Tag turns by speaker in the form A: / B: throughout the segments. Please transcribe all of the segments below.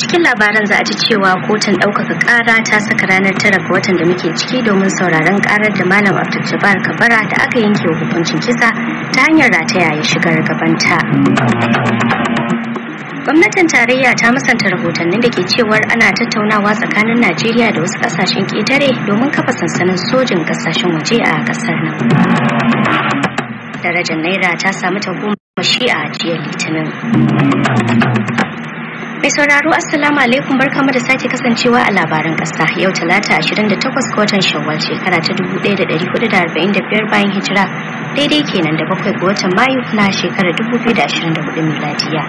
A: cikin labaran za a ji cewa kotun ɗaukaka ƙara ta saka ranar tara ga watan da muke ciki domin sauraron ƙarar da malam abdul kabara da aka yanke wa hukuncin kisa ta hanyar rataya ya shigar gabanta gwamnatin tarayya ta musanta rahotannin da ke cewar ana tattaunawa tsakanin najeriya da wasu kasashen ƙetare domin kafa sansanin sojin kasashen waje a ƙasar nan darajar naira ta samu ta shi a jiya litinin Mai sauraro Assalamu alaikum barkamu da sake kasancewa a labaran kasa yau talata 28 ga watan Shawwal shekara ta 1445 bayan hijira daidai kenan da bakwai ga watan Mayu na shekara 2024 miladiya.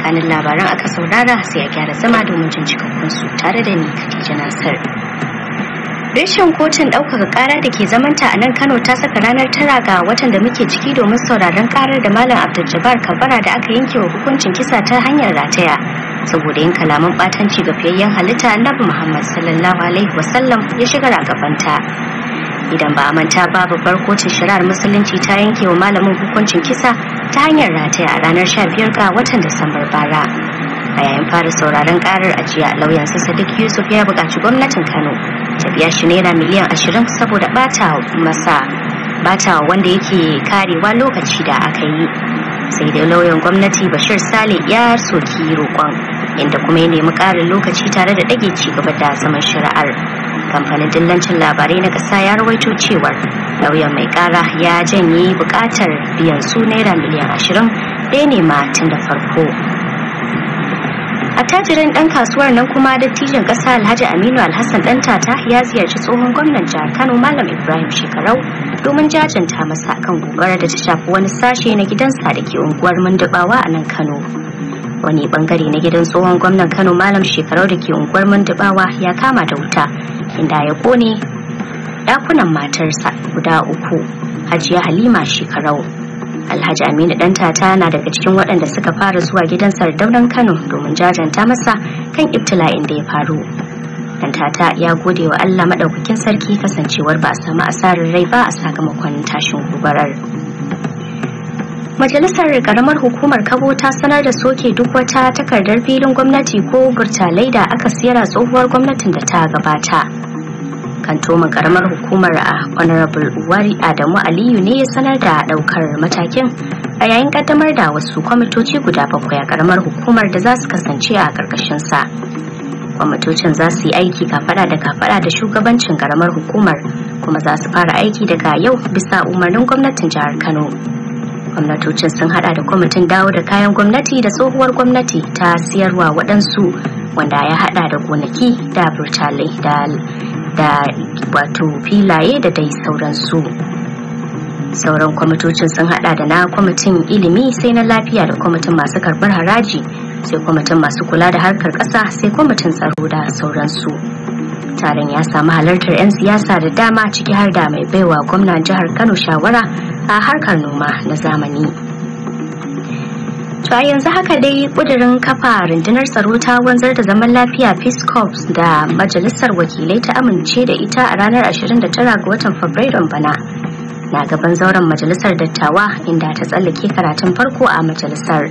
A: Kanin labaran aka saurara sai a gyara zama domin jin cikakkun tare da ni Khadija Nasir. reshen kotun ɗaukaka ƙara da ke zamanta a nan kano ta saka ranar tara ga watan da muke ciki domin sauraron ƙarar da malam abdul kabara da aka yanke wa hukuncin kisa ta hanyar rataya saboda yin kalaman batanci ga fiyayyen halitta annabi Muhammad sallallahu alaihi wasallam ya shiga ragabanta gabanta idan ba a manta ba babbar kotun shari'ar musulunci ta yanke wa malamin hukuncin kisa ta hanyar rataya a ranar 15 ga watan Disambar bara a yayin fara sauraron karar ajiya Lauyan su Sadiq Yusuf ya buƙaci gwamnatin Kano ta biya shi naira miliyan 20 saboda bata masa bata wanda yake karewa lokaci da aka yi sai dai lauyan gwamnati bashir sale ya soki roƙon inda kuma ya nemi ƙarin lokaci tare da ɗage ci gaba da zaman shari'ar kamfanin dillancin labarai na ƙasa ya rawaito cewar lauyan mai ƙara ya janye buƙatar biyan su naira miliyan ashirin ɗaya ne ma tun da farko attajirin ɗan kasuwar nan kuma dattijan ƙasa alhaji aminu alhassan ɗan tata ya ziyarci tsohon gwamnan jihar kano malam ibrahim shekarau domin jajanta masa kan gobara da ta shafi wani sashe na gidansa da ke unguwar mundubawa a nan kano wani bangare na gidan tsohon gwamnan kano malam shekarar da ke unguwar mandubawa ya kama da wuta inda ya kone dakunan matarsa guda uku hajiya halima shekarau alhaji aminu dan tata na daga cikin waɗanda suka fara zuwa gidan sardaunan kano domin jajanta masa kan ibtila'in da ya faru dan tata ya gode wa allah maɗaukakin sarki kasancewar ba a samu asarin rai ba a sakamakon tashin gubarar. Majalisar Karamar Hukumar Kabo ta sanar da soke duk wata takardar filin gwamnati ko burtalai da aka siyar a tsohuwar gwamnatin da ta gabata. Kantomin Karamar Hukumar a ah, Honorable Uwari Adamu Aliyu ne ya sanar da daukar matakin a yayin kaddamar da wasu kwamitoci guda bakwai a Karamar Hukumar da za su kasance a ƙarƙashinsa. Kwamitocin za su yi aiki kafaɗa da kafaɗa da shugabancin karamar hukumar kuma za su fara aiki daga yau bisa umarnin gwamnatin jihar Kano. gwamnatocin sun hada da kwamitin dawo da kayan gwamnati da tsohuwar gwamnati ta siyarwa waɗansu wanda ya hada da gonaki da burtalai da wato filaye da dai sauransu sauran kwamitocin sun hada da na kwamitin ilimi sai na lafiya da kwamitin masu karbar haraji sai kwamitin masu kula da harkar ƙasa sai kwamitin tsaro da sauransu taron ya samu halartar 'yan siyasa da dama ciki har da mai baiwa gwamnan jihar kano shawara a harkar noma na zamani To yanzu haka dai kudirin kafa rundunar tsaro ta wanzar da zaman lafiya Peace Corps da Majalisar Wakilai ta amince da ita a ranar 29 ga watan Fabrairun bana. Na gaban zauren Majalisar Dattawa inda ta tsallake karatun farko a majalisar.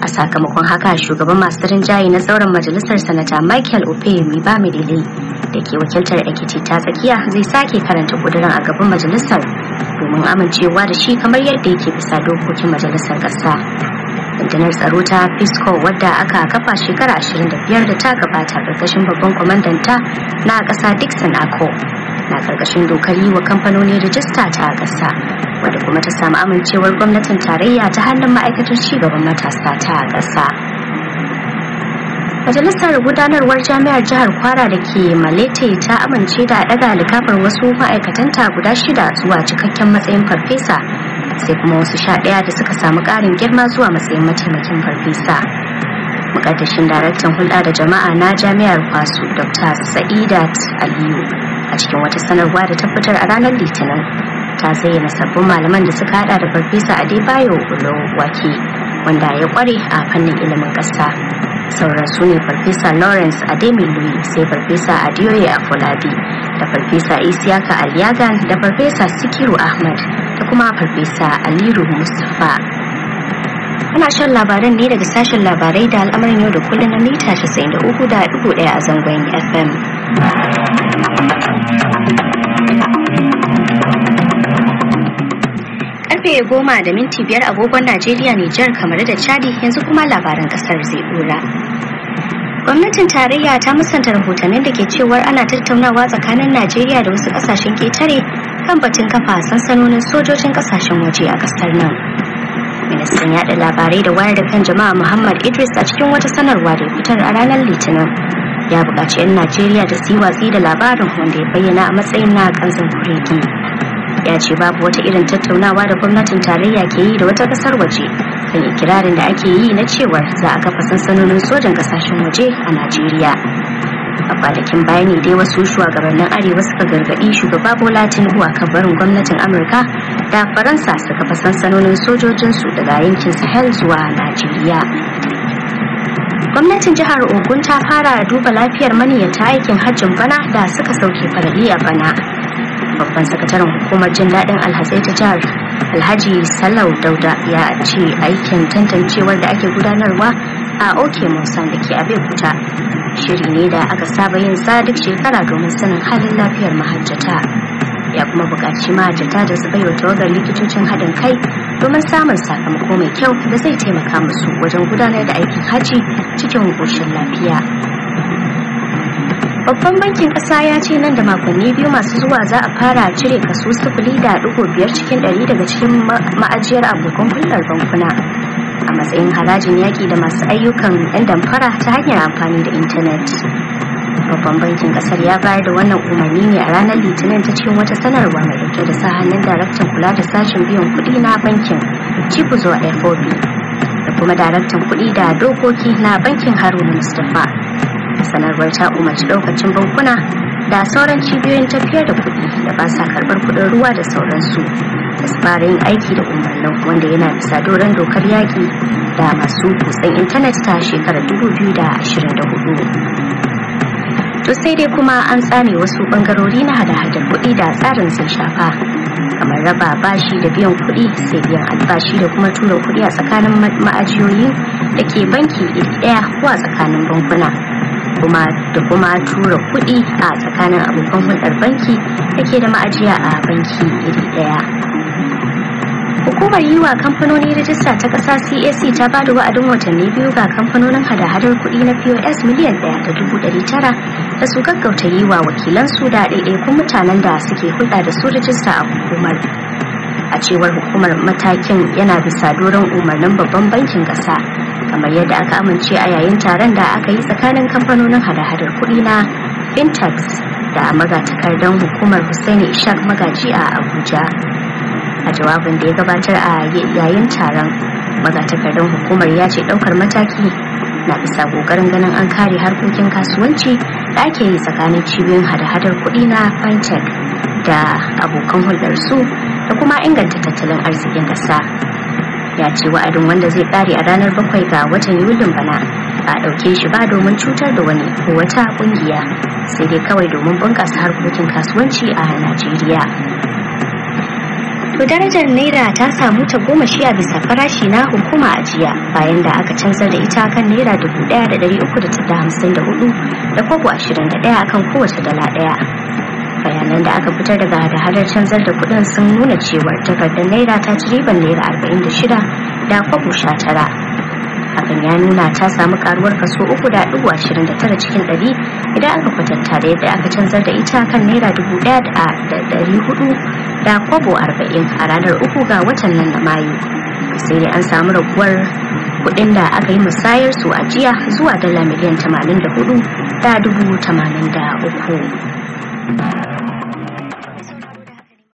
A: A sakamakon haka shugaban masu rinjaye na zauren majalisar Sanata Michael mai Ope Mibamidele da ke wakiltar ekiti ta tsakiya zai sake karanta kudurin a gaban majalisar domin amincewa da shi kamar yadda yake bisa dokokin majalisar ƙasa rundunar tsaro ta Fisco wadda aka kafa shekara 25 da ta gabata ƙarƙashin babban kwamandanta na ƙasa dixon ako na ƙarƙashin dokar yi wa kamfanoni rajista ta ƙasa wadda kuma ta samu amincewar gwamnatin tarayya ta hannun ma'aikatar gaban matasa ta ƙasa majalisar gudanarwar jami'ar jihar kwara da ke malete ta amince da ɗaga likafar wasu ma'aikatanta guda shida zuwa cikakken matsayin farfesa sai kuma wasu sha ɗaya da suka samu ƙarin girma zuwa matsayin mataimakin farfesa mukaddashin daraktan hulɗa da jama'a na jami'ar kwasu dr sa'idat aliyu a cikin wata sanarwa da tabbatar a ranar litinin ta zayyana sabbin malaman da suka haɗa da farfesa adebayo ulo wake wanda ya ƙware a fannin ilimin ƙasa sauran su ne farfesa lawrence ademiluyi sai farfesa adioye afolabi da farfesa isiaka aliyagan da farfesa sikiru ahmad da kuma farfesa aliru mustapha ana shan labaran ne daga sashen labarai da al'amarin yau da kullum na mita 93.1 a zangon fm ya goma da minti biyar agogon Najeriya Nijar kamar da Chadi yanzu kuma labaran kasar zai dora. Gwamnatin tarayya ta musanta rahotannin da ke cewar ana tattaunawa tsakanin Najeriya da wasu kasashen ketare kan batun kafa sansanonin sojojin kasashen waje a kasar nan. Ministan yaɗa labarai da wayar da kan jama'a Muhammad Idris a cikin wata sanarwa da fitar a ranar Litinin ya buƙaci 'yan Najeriya da su yi watsi da labarin wanda ya bayyana a matsayin na kanzan kuregi. ya ce babu wata irin tattaunawa da gwamnatin tarayya ke yi da wata kasar waje kan ikirarin da ake yi na cewa za a kafa sansanonin sojan kasashen waje a najeriya a kwanakin baya ne dai wasu shugabannin arewa suka gargaɗi shugaba bola tinubu a kan barin gwamnatin amurka da faransa su kafa sansanonin sojojinsu daga yankin sahel zuwa najeriya gwamnatin jihar ogun ta fara duba lafiyar maniyyata aikin hajjin bana da suka sauke faradi a bana babban sakataren hukumar jin daɗin alhatsai ta jihar alhaji salau dauda ya ce aikin tantancewar da ake gudanarwa a oke musan da ke abeokuta shiri ne da aka saba yin sa duk shekara domin sanin halin lafiyar mahajjata ya kuma buƙaci mahajjata da su baiwa tawagar likitocin haɗin kai domin samun sakamako mai kyau da zai taimaka musu wajen gudanar da aikin haji cikin ƙoshin lafiya babban bankin ƙasa ya ce nan da makonni biyu masu zuwa za a fara cire kaso sifili da ɗigo biyar cikin ɗari daga cikin ma'ajiyar abokan hulɗar bankuna a matsayin harajin yaƙi da masu ayyukan 'yan damfara ta hanyar amfani da intanet babban bankin kasar ya bayar da wannan umarni ne a ranar litinin ta cikin wata sanarwa mai dauke da sa hannun daraktan kula da sashen biyan kuɗi na bankin chibuzo fob da kuma daraktan kuɗi da dokoki na bankin haruna mustapha sanarwar ta umarci daukacin bankuna da sauran cibiyoyin tafiyar da kuɗi da ba sa karɓar kuɗin ruwa da sauransu da tsara yin aiki da umarnin wanda yana bisa doron dokar yaƙi da masu kutsen intanet ta shekarar 2024 to sai dai kuma an tsane wasu bangarori na hada-hadar kuɗi da tsarin sun shafa kamar raba bashi da biyan kuɗi sai biyan albashi da kuma tura kuɗi a tsakanin ma'ajiyoyi da ke banki ɗaya ko a tsakanin bankuna da kuma tura kuɗi a tsakanin abokan hulɗar banki da ke da ma'ajiya a banki iri ɗaya. Hukumar Yiwa wa kamfanoni rajista ta ƙasa CAC ta ba da wa'adin watanni biyu ga kamfanonin hada-hadar kuɗi na POS miliyan ɗaya da dubu ɗari tara da su gaggauta yi wa wakilansu da ɗaiɗaikun mutanen da suke hulɗa da su rajista a hukumar. a cewar hukumar matakin yana bisa doron umarnin babban bankin ƙasa kamar yadda aka amince a yayin taron da aka yi tsakanin kamfanonin hada-hadar kuɗi na fintex da magatakardan hukumar Hussaini ishaq magaji a abuja a jawabin da ya gabatar a yayin taron magatakardan hukumar ya ce ɗaukar mataki na bisa ƙoƙarin ganin an kare harkokin kasuwanci da ake yi tsakanin cibiyoyin hada-hadar kuɗi na fintech da abokan hulɗar su da kuma inganta tattalin arzikin ƙasa. ya ce wa'adin wanda zai kare a ranar bakwai ga watan yulin bana ba a ɗauke shi ba domin cutar da wani ko wata ƙungiya sai dai kawai domin bunƙasa harkokin kasuwanci a najeriya To darajar Naira ta samu ta goma shi a bisa farashi na hukuma a jiya bayan da aka canzar da ita kan Naira dubu ɗaya da ɗari uku da hamsin da hudu da kobo ashirin da ɗaya akan kowace dala ɗaya. bayanan da aka fitar daga hada-hadar canzar da kuɗin sun nuna cewar takardar naira ta ci ribar naira arba'in da shida da kwabo sha tara hakan ya nuna ta samu karuwar kaso uku da dubu ashirin da tara cikin ɗari idan aka kwatanta da yadda aka canzar da ita kan naira dubu ɗaya da ɗari hudu da kwabo arba'in a ranar uku ga watan nan na mayu sai dai an samu raguwar kuɗin da aka yi musayar su a jiya zuwa dala miliyan tamanin da hudu da dubu tamanin da uku.